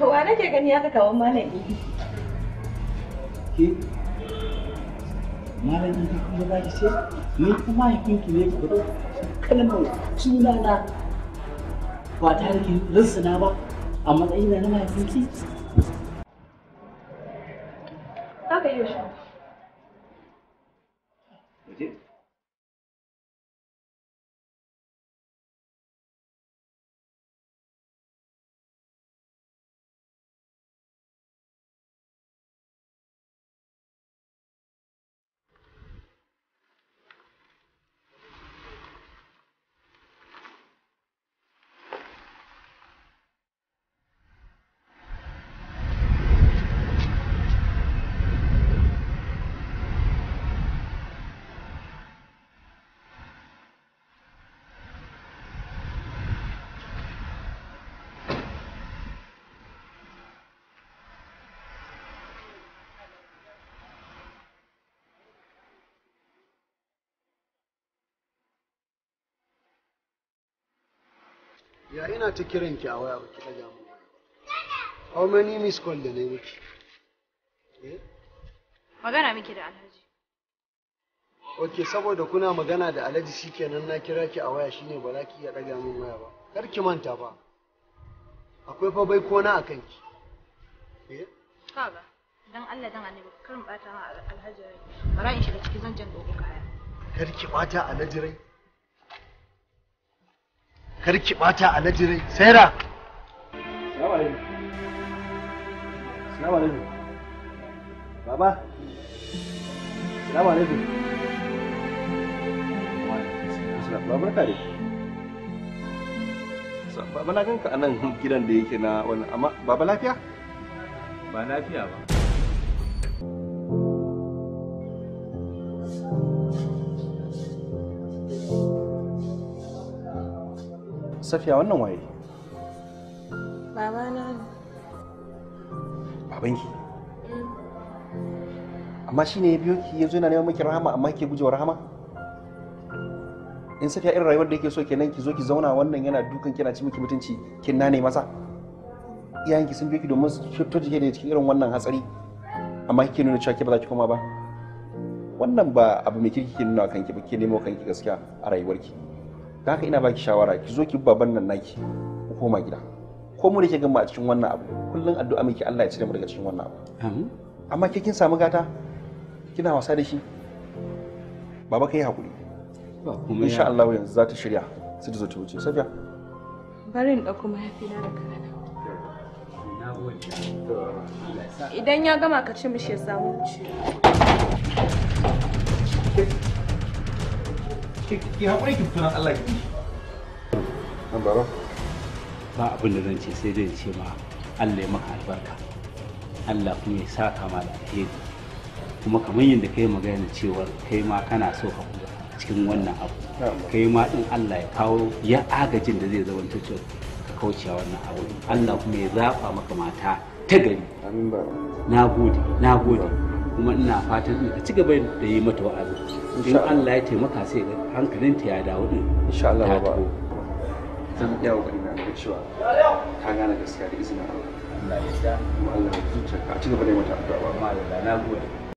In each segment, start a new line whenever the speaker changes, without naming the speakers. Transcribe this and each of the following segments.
To wa nake gani haka kawan malam Idi? Ke? Malam Idi kuma za ki ce? Ni kuma mahaifinki ne ki ɗau kalmar sunana ba tare ki rinsuna ba a matsayina na mahaifinki?
Ya ina ta kiran ki a waya ba ki daga mu. How many miss call da na miki? Eh?
Magana miki da Alhaji.
Ok, saboda kuna magana da Alhaji shikenan na kira ki a waya shine ba za ki iya daga mu waya ba. Kar ki manta ba. Akwai fa bai kona a ki Eh?
Kaga, dan Allah dan Annabi karin bata ma Alhaji rai. Bara in shiga cikin zancen dogo kaya.
Kar ki bata Alhaji rai. kar ki bata alaji lajire saira
salamu alaikum salamu alaikum baba salamu alaikum barka kare? baba na ganka a nan gidan da yake na wannan amma baba lafiya ba lafiya ba Safiya wannan waye?
Babana ne.
Babanki? Amma shi ne ya biyo ki yanzu yana neman miki rahama amma ke gujewa rahama? In Safiya irin rayuwar da yake so kenan ki zo ki zauna wannan yana dukan kina ci miki mutunci kin nane masa. Iyayenki sun biyo ki domin su fito jike da cikin irin wannan hatsari amma kike nuna cewa ke ba za ki koma ba. Wannan ba abu mai kirki ke nuna kanki ba ke nemo kanki gaskiya a rayuwarki. da haka ina baki shawara ki zo ki baban nan naki ku koma gida ko mu da ke gama a cikin wannan abu kullum addu'a miki Allah ya cire mu daga cikin wannan abu amma ke kin samu gata kina wasa da shi baba kai hakuri insha Allah yanzu za ta shirya sai ta zo ta wuce safiya
bari in dauko mahaifina da kana idan ya gama ka ce mishi ya samu ci
ki haƙuri ki fito Allah ki
Nan baba. Ba abin da zan ce sai zai ce ma Allah ya maka albarka. Allah kuma ya saka da alheri. Kuma kamar yadda kai magana cewa kai ma kana so ka kula cikin wannan abu. Kai ma ɗin Allah ya kawo ya agajin da zai zama cewa ka kaucewa wannan abu. Allah kuma
ya zaba maka mata ta gari. Amin
Na gode, na gode. kuma ina
fatan in ka ci gaba da yi mata wa'azi in Allah ya taimaka sai ga hankalin ta ya dawo din insha Allah ba zan iya ga ina ga cewa ka gane gaskiya da izinin Allah Allah ya sa kuma Allah ya zuciya ka ci gaba da yi mata addu'a baba na gode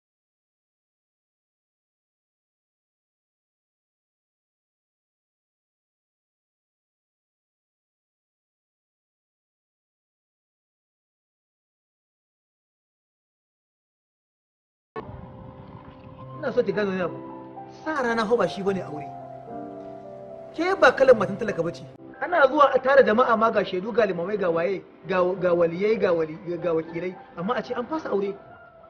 so ki gano wani abu sa rana ho ba shi bane aure
ke ba kalan matan talaka bace ana zuwa a tare jama'a ma ga shaidu ga limamai ga waye ga waliyai ga wakilai amma a ce an fasa aure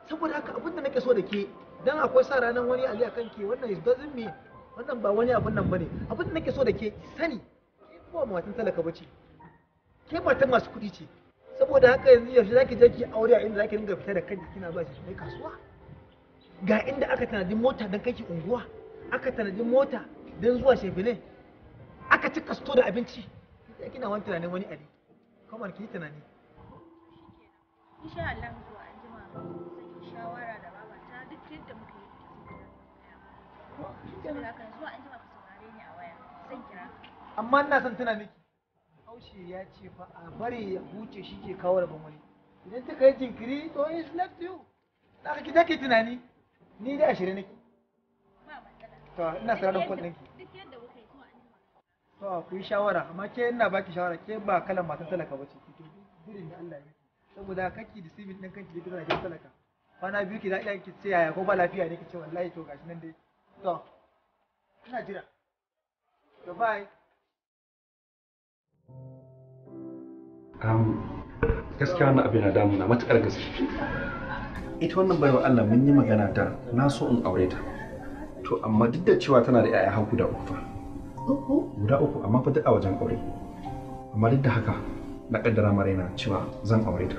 saboda haka abinda nake so da ke dan akwai sa ranar wani ali akan ke wannan is doesn't mean wannan ba wani abun nan bane abinda nake so da ke sani ke ba matan talaka bace ke matan masu kuɗi ce saboda haka yanzu yaushe zaki je ki aure a inda zaki dinga fita da kanki kina zuwa ki kasuwa ga inda aka tanadi mota don kai unguwa aka tanadi mota don zuwa shefile aka cika sto da abinci ya kina wani tunanin wani ali kamar ki tunani
insha Allah zuwa an jima shawara da
duk yadda muka yi oh, zuwa ni a waya
zan kira amma ina son tana miki haushe ya ce fa a bari ya huce shi ke kawo da wani idan ta kai jinkiri to is left you da ka ki take tunani ni da ashirin nake to ina sauraron kwal ɗinki to ku yi shawara amma ke ina baki shawara ke ba kalan matan talaka ba ce ki to birin da Allah ya saboda kake da sibin ɗin kanki da kake talaka kwana biyu ki za iya ki ce yaya ko ba lafiya ne ki ce wallahi to gashi nan dai to ina jira to bye
gaskiya wannan abin na damuna matuƙar gaske ita wannan baiwa Allah mun yi magana ta na so in aure ta to amma duk da cewa tana da 'ya'ya har guda uku fa guda uku amma fa duk a wajen aure amma duk da haka na kaddara ma raina cewa zan aure ta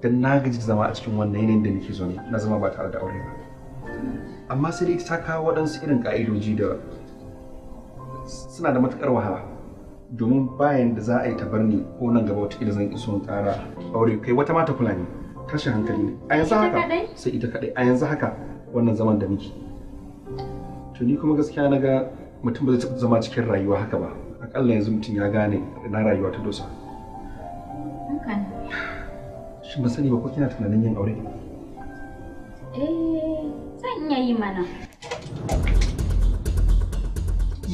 dan na gaji zama a cikin wannan yanayin da nake zaune na zama ba tare da aure ba amma sai dai ta kawo waɗansu irin ka'idoji da suna da matukar wahala domin bayan da za a yi ta barni ko nan gaba wata zan iso in ƙara aure kai wata mata kula ne tashi hankali ne a yanzu haka sai ita kadai a yanzu haka wannan zaman da muke to ni kuma gaskiya na ga mutum ba zai taɓa zama cikin rayuwa haka ba akalla yanzu mutum ya gane na rayuwa ta dosa shi ba sani ba ko kina tunanin yin aure
eh
zan iya yi mana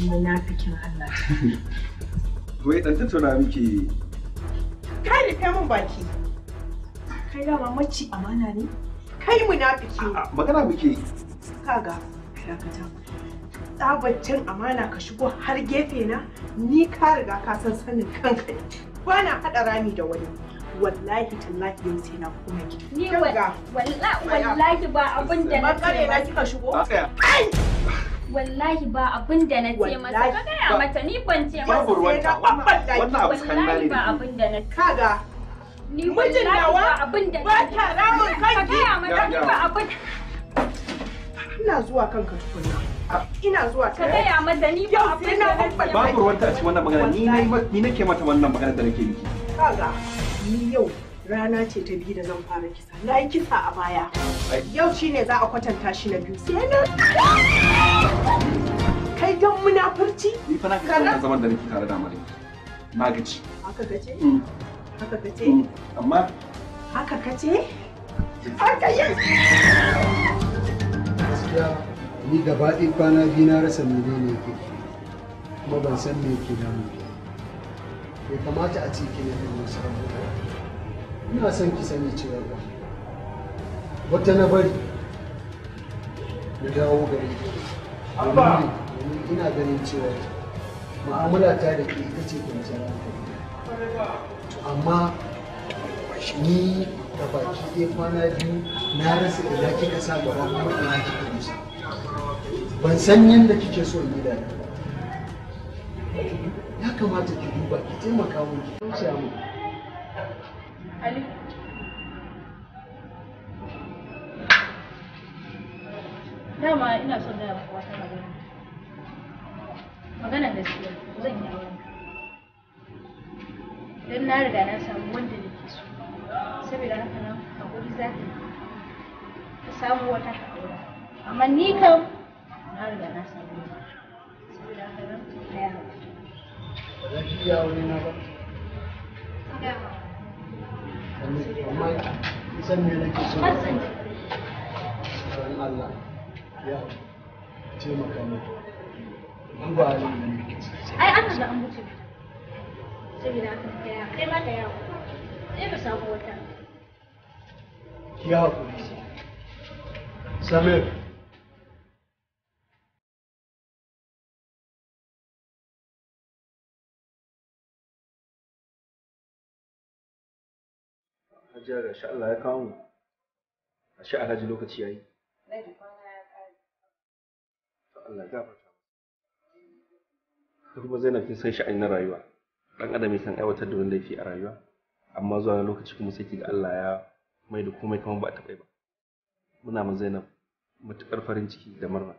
munafikin Allah
wai dan tattauna miki
ka kai mun baki Kai dama mace amana ne? Kai munafiki Magana muke. Kaga, dakata. amana ka shigo har gefe na, ni ka riga ka san sanin kanka. Bana hada rami da wani. wallahi tallahi yau sai na Ni wallahi ba abin da na ce na kika shigo? Wallahi ba abin da na ce masa. Ka gaya mata ni ban ce masa. Wannan Wallahi ba abin da na Kaga ni mijin nawa ba ta ramun kanki ka gaya abin ina zuwa kanka tukunna ina zuwa ka gaya mata ni ba abin da nake
babu ruwanta a cikin wannan magana ni nayi ni nake mata wannan magana da nake miki
kaga ni yau rana ce ta biyu da zan fara kisa na yi kisa a baya yau shine za a kwatanta shi na biyu kai don munafurci
ni fa na ga zaman da nake tare da amare na gaji
aka gaje haka ka ce amma haka ka ce haka yi gaskiya
ni gaba ɗin kwana biyu na rasa mene ne ke kuma ban san me ke damu bai kamata a ce ke da irin wasu abubuwa ina son ki sani cewa ba wata na bari na dawo gari domin ina ganin cewa ma'amala ta da ke ita ce kwanciyar hankali amma ni da baki ɗaya kwana biyu na rasa ina kika sa gaba kuma ina kika nisa ban san yadda kike so ni da ya kamata ki duba ki taimaka mun ki tausaya mun Ali
dama ina son da wata magana maganar gaskiya zan yi aure
don na riga na samu wanda
da
ke so saboda haka nan hakuri za ta ka samu wata haƙura amma ni kam na riga na samu wata saboda haka nan
na yara
Ba za ki iya wani na ba? Amma isan me nake so? Matsin da Don Allah ya ce mu. Duba halin da nake
ciki. Ai Allah da an mutu. ya ka sai ka
ki haƙuri
samir
Hajiya ga sha Allah ya kawo A sha Alhaji lokaci ya yi. Allah ya gafarta. Kuma Zainab kin san na rayuwa. dan adam ya san aiwatar da wanda yake a rayuwa amma zuwa lokaci kuma sai ga Allah ya mai da komai kamar ba a taɓa ba muna ma Zainab matuƙar farin ciki da murna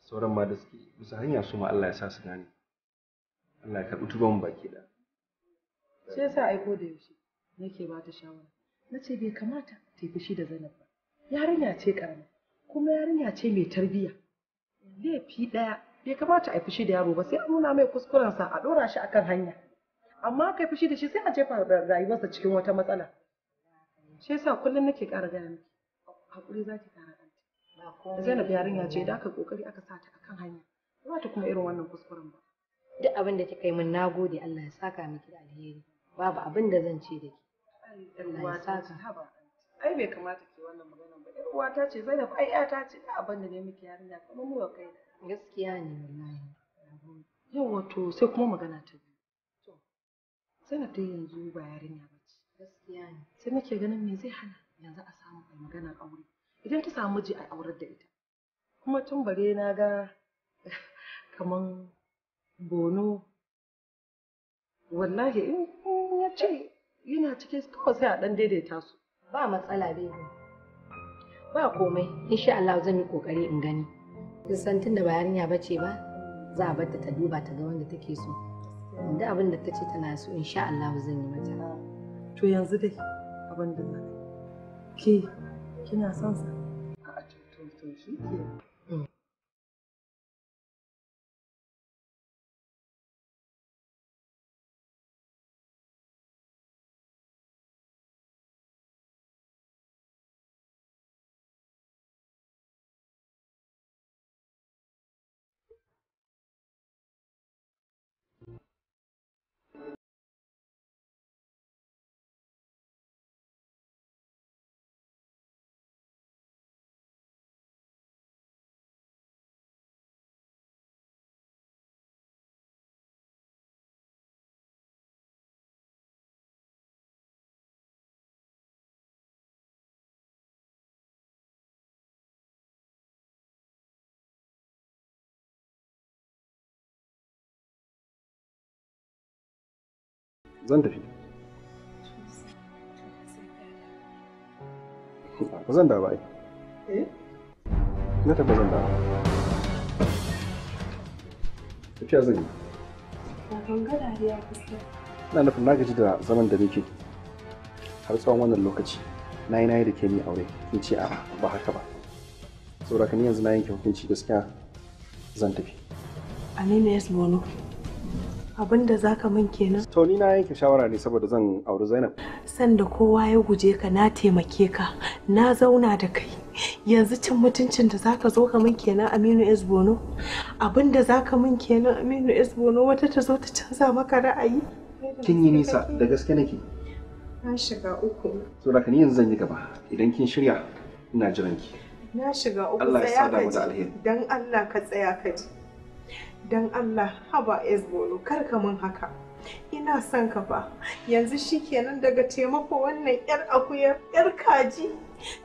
sauran ma da suke bisa hanya su ma Allah ya sa su gane Allah ya karɓi tuban baki da
sai sa ai ko da yaushe nake ba ta shawara nace bai kamata ta yi fushi da Zainab ba yarinya ce karama kuma yarinya ce mai tarbiyya laifi ɗaya bai kamata a fushi da yaro ba sai a nuna mai kuskurensa a ɗora shi akan hanya amma kai fushi da shi sai a jefa rayuwarsa cikin wata matsala shi yasa kullum nake ƙara gaya miki hakuri za ki ƙara ɗanta zainab yarinya ce da aka ƙoƙari aka sa ta akan hanya
ba ta kuma irin wannan kuskuren ba duk abin da kika yi min na gode Allah ya saka miki da alheri babu abin da zan ce da
ke Allah ya saka ai bai kamata ki wannan magana ba ƴar
uwata ce Zainab ai ƴata ce da abin da ne miki yarinya kuma mu kai Gaskiya ne wallahi. Yawwa to sai kuma magana ta biyu. To, Zainab dai yanzu ba yarinya ba ce. Gaskiya ne.
Sai nake ganin me zai hana yanzu a samu a magana aure. Idan ta samu miji a aurar da ita. Kuma tun bare na ga
kaman bono wallahi in ya ce yana cikin kawai sai a ɗan daidaita su. Ba matsala baby. Ba komai, insha Allah zan yi ƙoƙari in gani. kin san tunda ba yarinya bace ba za a barta ta duba ta ga wanda take so duk abin da tace tana so insha Allah zan yi mata to yanzu dai abin da za ke kina son sa a to
to shi ke zan tafi ba zan da ba eh
na tafi zan da tafiya zan yi ina nufin na gaji da zaman da nake har tsawon wannan lokaci na yi na yi da ke ni aure in ce a ba haka ba saboda ka ni yanzu na yanke hukunci gaskiya zan tafi
a ne ne ya abin da zaka min kenan to ni na yanke
shawara ne saboda zan auri Zainab
sanda kowa ya guje ka na taimake ka na zauna da kai yanzu cin mutuncin da zaka zo ka min kenan Aminu S Bono abin da zaka min kenan Aminu S Bono wata ta zo ta canza maka ra'ayi kin
yi nisa da gaske nake
na shiga uku
to da ni yanzu zan yi gaba idan kin shirya ina jiran ki
na shiga uku Allah ya ji. da alheri dan Allah ka tsaya ka ji don Allah haba esbolo kar ka mun haka ina son ka fa yanzu shikenan daga taimako wannan yar akuyar yar kaji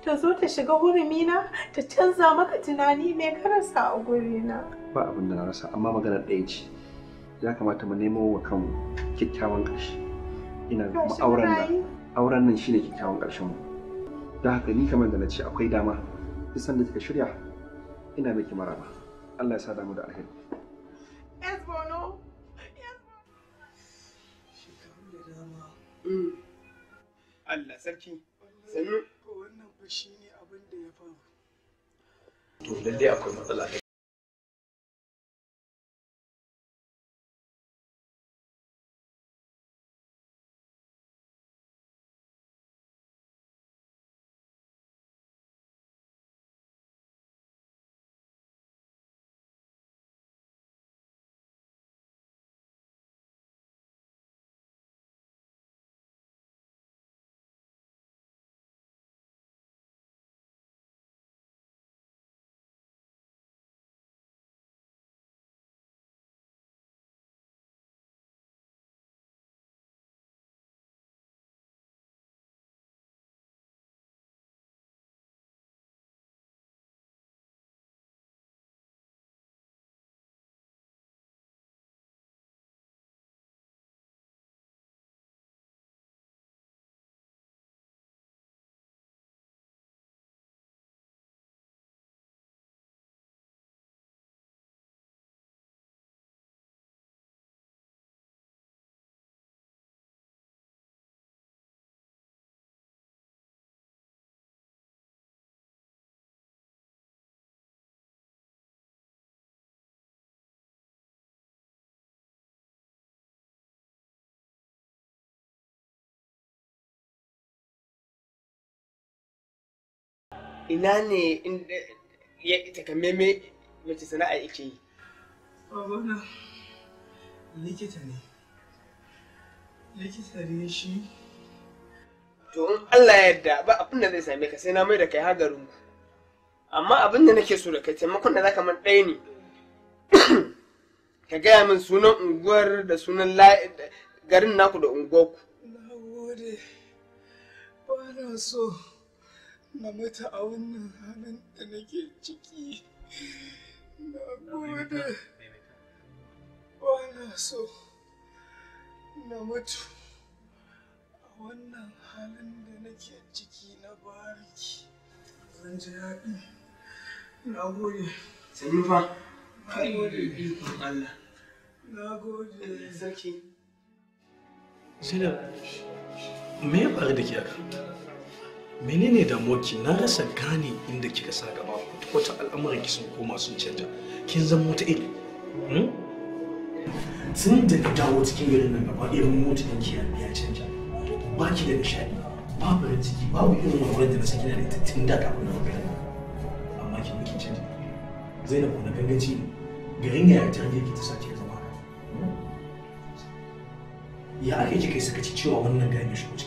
ta zo ta shiga hurumina ta canza maka tunani mai karasa a gurina
ba abin da na rasa amma maganar ɗaya ce ya kamata mu nemo wa kanmu kyakkyawan ƙarshe ina kuma auren nan auren nan shine kyakkyawan ƙarshen mu don haka ni kamar da na ce akwai dama duk sanda kika shirya ina miki maraba Allah ya sa damu da alheri
Mm.
Allah sarki.
Sannu. Wannan fa shi ne abin da ya faru.
To lallai akwai matsala ina ne inda ya takamaimai mace sana'a yake yi babana
likita ne likita ne shi to in Allah ya yarda ba abin da zai same ka sai na mai da kai hagarin ku amma abin da nake so da kai taimakon da zaka man ɗaya ne ka gaya min sunan unguwar da sunan garin naku da unguwarku na gode
ba so na mata a wannan halin da nake ciki na gode ba na so na mutu a wannan halin da nake ciki na bariki zan ji daɗi na gode sanyi fa na gode ikon Allah
na gode zaki.
Zainab,
me ya faru da ke haka? menene damuwarki na rasa gane inda kika sa gaba wata al'amuran ki sun koma sun canja kin zama wata iri Sun hmm? da ka dawo cikin garin nan gaba irin mota din ki ya canja ba ki da nishadi ba farin ciki babu irin walwalar da na saki da ita tun da kafin na magana amma ki kin canja zainab na gangaci ne garin ya ta hanyar ki ta sace zama hmm? ya ake kai saka sakaci cewa wannan gani shi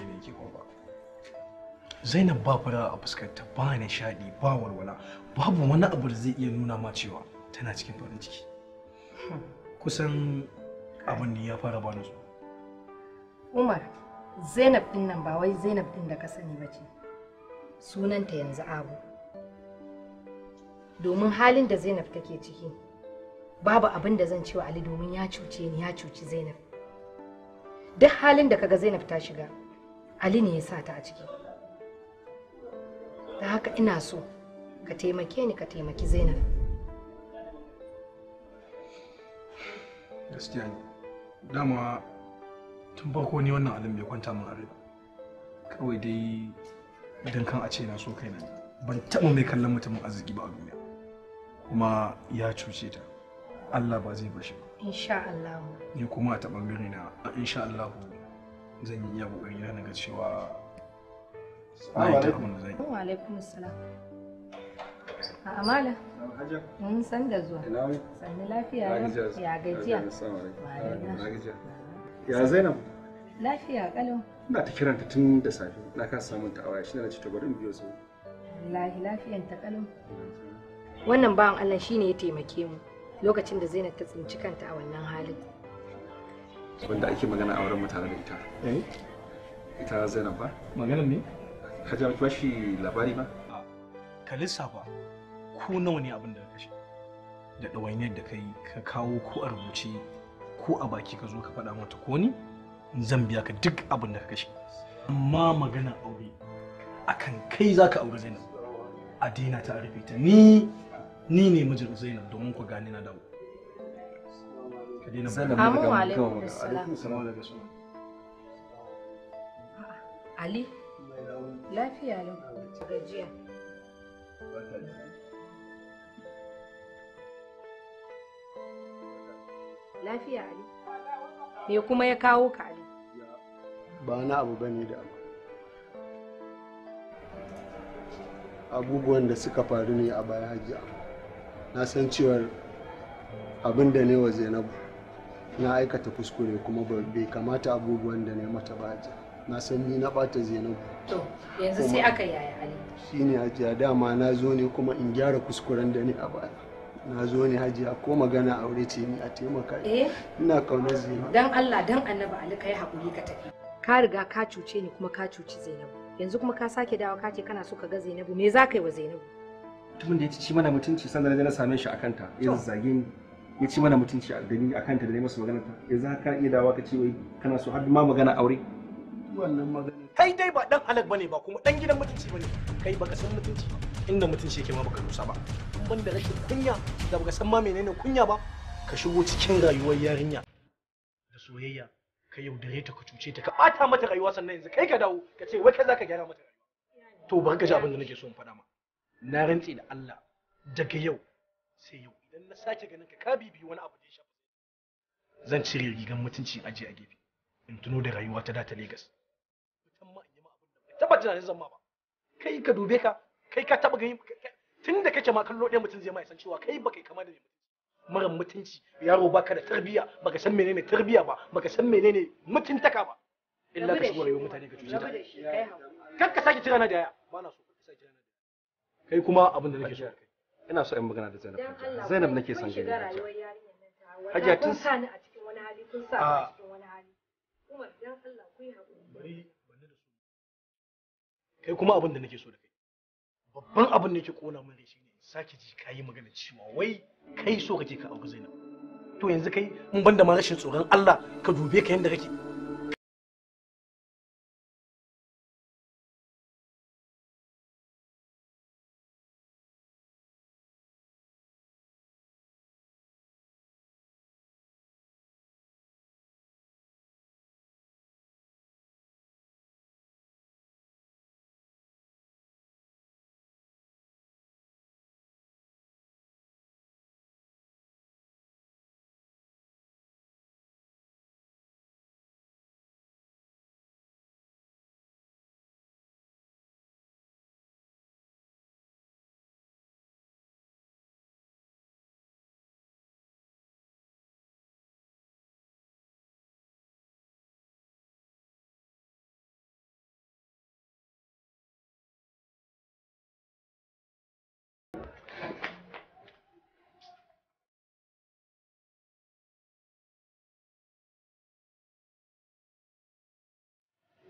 zainab ba fara a fuskarta ba nishaɗi ba walwala babu wani abu da zai iya nuna ma cewa tana cikin farin ciki kusan abin da ya fara bani. nutsu
umar zainab din nan ba wai zainab din da ka sani ba ce sunanta yanzu abu domin halin da zainab take ciki babu abin da zan cewa ali domin ya cuce ni ya cuci zainab duk halin da kaga zainab ta shiga ali ne ya sa ta a ciki da haka ina so ka taimake ni ka taimaki zainab
gaskiya ne
dama tun farko ni wannan abin bai kwanta min kawai dai idan kan a ce na so kai kaina ban taɓa mai kallon mutumin arziki ba a duniya kuma ya cuce ta Allah ba zai bashi
ba insha Allah
ni kuma a taɓa na insha Allah zan yi iya kokari na ga cewa
Wa
alaikum salam. A amala. Mun san da zuwa. Sanni lafiya ya gajiya. Ya Zainab. Lafiya kalau.
Ina ta kiranta tun da safe na kasa samun ta awaya shine na ce ta bari in biyo su.
Wallahi lafiyan ta kalau. Wannan bawan Allah shine ya taimake mu lokacin da Zainab ta tsinci kanta a wannan halin.
Wanda ake magana a wurin mutane da ita. Eh? Ita Zainab ba? Maganar ne? ka ja ba labari ba
ka lissafa ko nawa ne abin da ka kashe da ɗawainiyar da kai ka kawo ko a rubuce ko a baki ka zo ka faɗa mata ko ni zan biya ka duk abin da ka kashe amma magana aure akan kai za ka aure zainab a dina ta rufe ta ni ni ne mijin zainab domin ku gane na dawo
Ali Lafiya lau. Gajiya. Lafiya Ali. Me kuma ya kawo ka Ali?
Ba wani abu ba ne da abu. Abubuwan da suka faru ne a baya hajiya. Na san cewar abin da ne wa Zainabu na aikata kuskure kuma bai kamata abubuwan da ne mata ba hajiya. na san ni na bata zainabu
to yanzu sai aka yaya ali
shine hajiya dama na zo ne kuma in gyara kuskuren da ni a baya na zo ne hajiya ko magana aure ce ni a taimaka eh? ina kaunar zainabu
dan Allah dan annabi ali kai hakuri ka tafi ka riga ka cuce ni kuma ka cuci zainabu yanzu kuma ka sake dawo ka ce kana so ka ga zainabu me za ka yi wa zainabu
mutumin da ya ci mana mutunci sannan na same shi a kanta ya zage ni ya ci mana mutunci a gani a kanta da ne masa magana ta yanzu ka iya dawa ka ce wai kana so har ma magana aure
kai dai ba
dan halak bane ba kuma dan gidan mutunci bane kai baka san mutunci inda mutunci yake ma baka rusa ba ban da rashin kunya da baka san ma menene kunya ba ka shigo cikin rayuwar yarinya da soyayya ka yaudare ta ka cuce ta ka bata mata rayuwa sannan yanzu kai ka dawo ka ce wai kai zaka gyara mata rayuwa to ban ka ji abin da nake so in faɗa ma na rantse da Allah daga yau sai yau idan na sake ganin ka ka bibi wani abu da ya shafa zan cire rigan mutunci aje a gefe in tuno da rayuwa ta da ta Legas taba tunanin zan ma ba kai ka dube ka kai ka taba gani tun da kake ma kallo ɗaya mutum zai ma san cewa kai ba kai kama da mara mutunci yaro baka da tarbiyya baka san menene tarbiyya ba baka san menene mutuntaka ba illa ka shigo rayuwar mutane ka cuce ta kar ka sake tirana da yaya
ba na so ka sake tirana
da kai kuma abin da nake so ina so in magana da Zainab Zainab nake son gani
Hajiya tun sa ni a cikin wani
hali kun sa
a
cikin wani hali kuma ah. dan Allah ku yi
hakuri kai kuma abin da nake so da kai babban abin da yake kona min rai shine sake ji kai magana
cewa wai kai so kake ka auki Zainab to yanzu kai mun banda ma rashin tsoron Allah ka dube ka yanda kake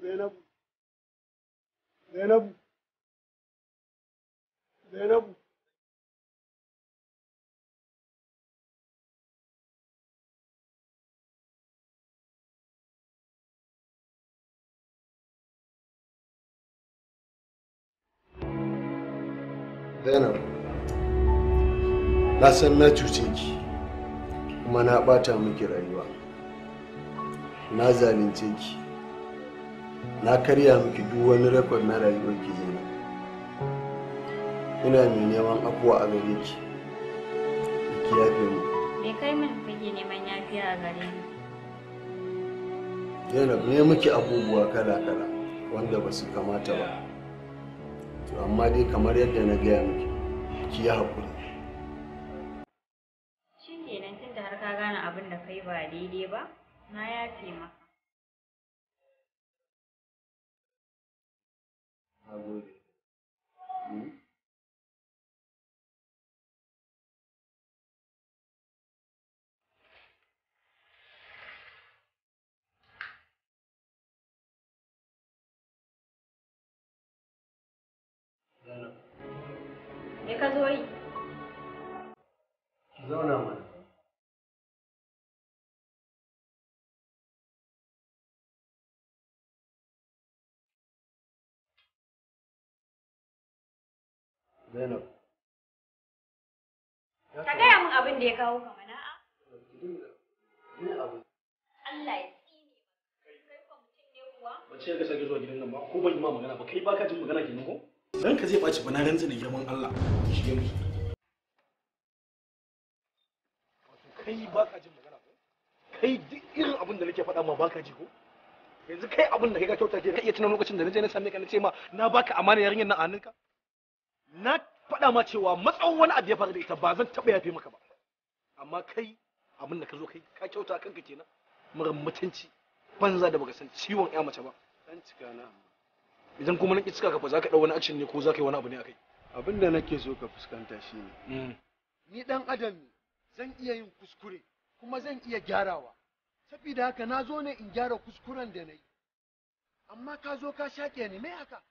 Zeynep. Zeynep. Zeynep.
Zeynep. na san na cuce ki kuma na ɓata miki rayuwa na zalunce ki na karya miki duk wani rekod na rayuwar ki zai ina mai neman afuwa a gare ki ki yafe mu
me kai min kake neman yafiya a gare ni
Zainab ne miki abubuwa kala-kala wanda ba su kamata ba to amma dai kamar yadda na gaya miki ki yi haƙuri
daidai ba,
na yafe maka. Zainab. Ka
gaya
min abin da ya kawo ka mana a. Allah ya tsine kai fa mutum ne kuwa. Wace ka sake zuwa
gidan nan ba ko ban yi ma magana ba kai ba ka jin magana kenan ko? Dan ka zai ɓaci bana rantsi da girman Allah. Shige mu. Kai ba ka jin magana ko? Kai duk irin abin da nake faɗa ma ba ka ji ko? yanzu kai abin da kai ka kyauta ke ka iya tunan lokacin da na je na same ka na ce ma na baka amana yarinyar nan a hannunka na faɗa ma cewa matsawon wani abu ya faru da ita ba zan taɓa yafe maka ba amma kai abin da ka zo kai ka kyauta kanka kenan murin mutunci banza da baka san ciwon ya mace ba dan cika na idan kuma nake cika ka fa zaka dau wani action ne ko zaka yi wani abu ne akai abin da nake so ka fuskanta shine
mm. ni dan adam ne zan iya yin kuskure kuma zan iya gyarawa saboda haka na zo ne in gyara kuskuren da na yi amma ka zo ka shaƙe ni me haka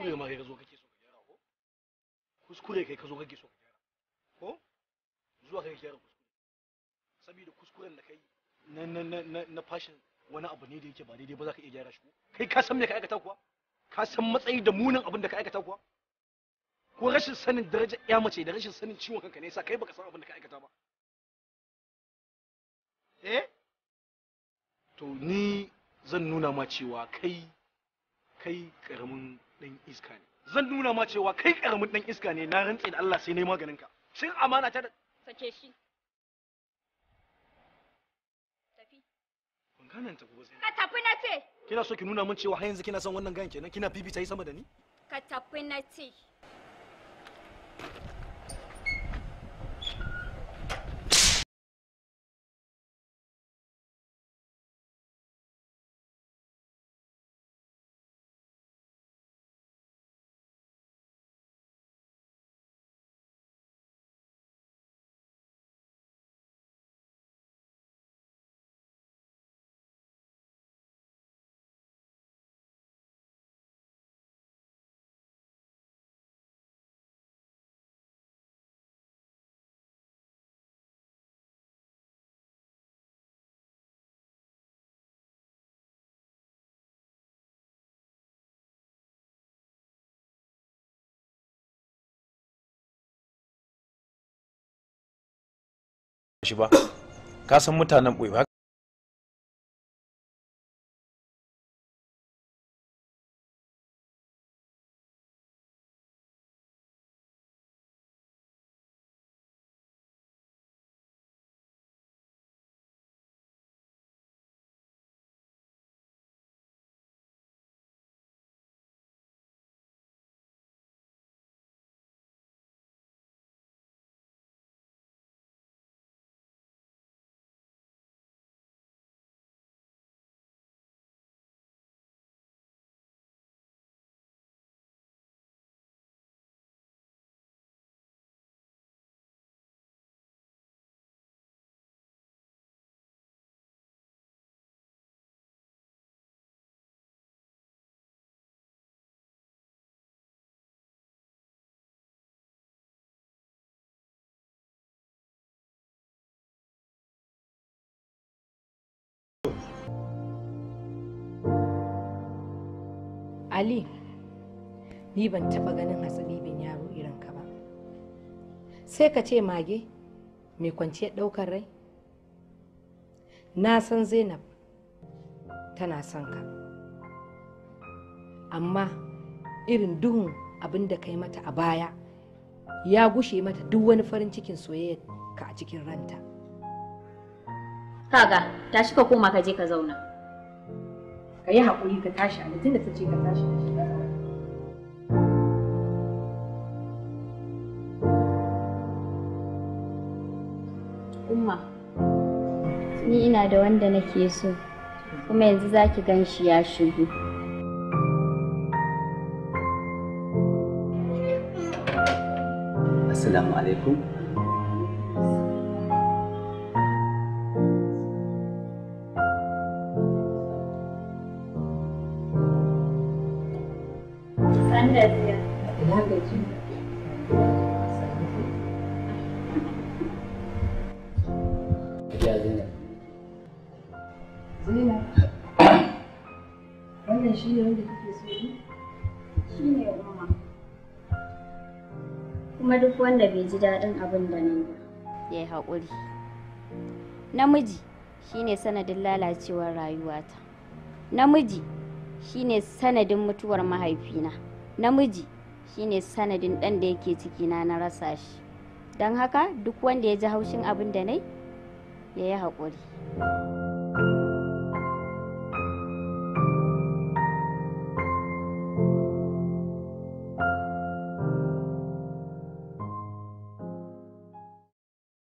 kuskure ma kai ka zo kake so ka gyara ko kuskure kai ka zo kake so ka gyara ko zuwa kai ka gyara kuskure saboda kuskuren da kai na na na na fashin wani abu ne da yake ba daidai ba za ka iya gyara shi kai ka san me ka aikata kuwa ka san matsayi da munin abin da ka aikata kuwa ko rashin sanin daraja ya mace da rashin sanin ciwon kanka ne yasa kai baka san abin da ka aikata ba eh to ni zan nuna ma cewa kai kai karamin dan iska ne zan nuna ma cewa kai karamin dan iska ne na rantse da Allah sai nayi maganin ka shin amana ta da sake shi tafi ban gane ta gobe
ka tafi na ce
kina so ki nuna min cewa har yanzu kina son wannan gan kenan kina fifita yi sama da ni
ka tafi na ce
shi ba ka san mutanen ɓoye ba
Ali, ni ban taɓa ganin bin yaro irin ka ba. Sai ka ce mage mai kwanciyar ɗaukar rai? Na san Zainab tana son ka. Amma irin duhun abin da kai mata a baya ya gushe mata duk wani farin cikin soyayya ka a cikin ranta. Kaga, tashi ka koma ka je ka zauna. ka yi haƙuri ka tashi a tun da
ta ce ka tashi da shi. umma ni ina da wanda nake so kuma yanzu za ki gan shi ya shigo
Assalamu alaikum.
wanda
Kuma duk wanda bai ji daɗin abin da nan ba. Ya yi haƙuri. Namiji shine sanadin lalacewar rayuwata. Namiji shine sanadin mutuwar mahaifina. namiji shine sanadin dan da yake cikina na rasa shi don haka duk wanda ya ji haushin abin da nai ya yi haƙuri